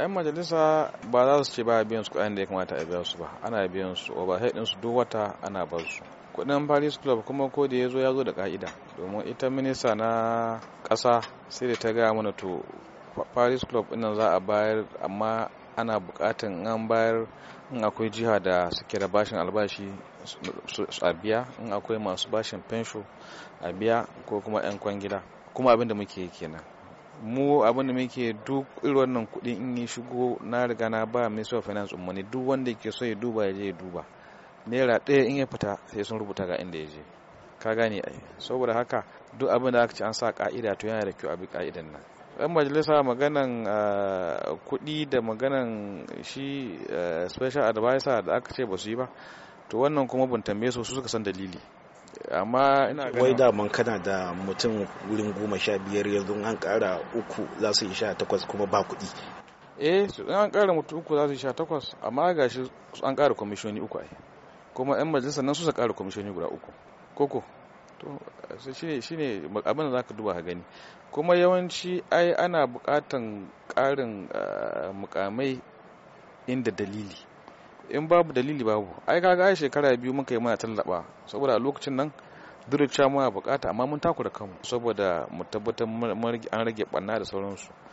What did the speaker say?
'yan majalisa ba za su ce ba biyan su kuɗin da ya kamata a biya su ba ana biyan su sai din su duk wata ana bar su kuɗin paris club kuma ko da ya zo ya zo da ka'ida domin ita minista na ƙasa sai da ta gaya mana to paris club ɗin za a bayar amma ana buƙatan an bayar in akwai jiha da suke da bashin albashi a biya in akwai masu bashin fensho a biya ko kuma 'yan kwangila kuma abin da muke kenan mu abinda muke duk irin wannan kuɗi in ya shigo na riga na ba mai of finance ne duk wanda ke so ya duba ya je ya duba naira ɗaya in ya fita sai sun rubuta ga inda ya je ka gane ai saboda haka duk abin da aka ci an sa ka'ida to yana da kyau a bi ka'idan nan yan majalisa maganan ah, kuɗi da maganan shi eh, special advisor da aka ce ba su yi ba to wannan kuma bin tambaye su suka san dalili amma ina wai daman kana da mutum wurin goma sha biyar yanzu an kara uku za su yi sha takwas kuma ba kuɗi eh an kara mutum uku za su yi sha takwas amma gashi an kara kwamishoni uku ai kuma yan majalisar nan su sa kara kwamishoni guda uku koko to shine shine abin da zaka duba ka gani kuma yawanci ai ana bukatan karin ah, mukamai inda dalili in babu dalili babu ai kaga ai shekara biyu muka yi muna tallaba saboda a lokacin nan durca muna bukata amma mun taku da kanmu saboda mu tabbatar an rage ɓanna da sauransu